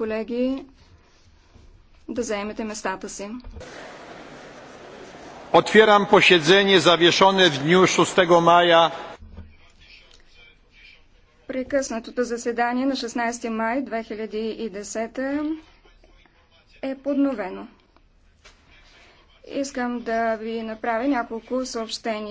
Колеги, да заемете местата си. Отвирам posiedzenie zawieszone в дню 6 мая. Прекъснатото заседание на 16 май 2010 е подновено. Искам да ви направя няколко съобщения.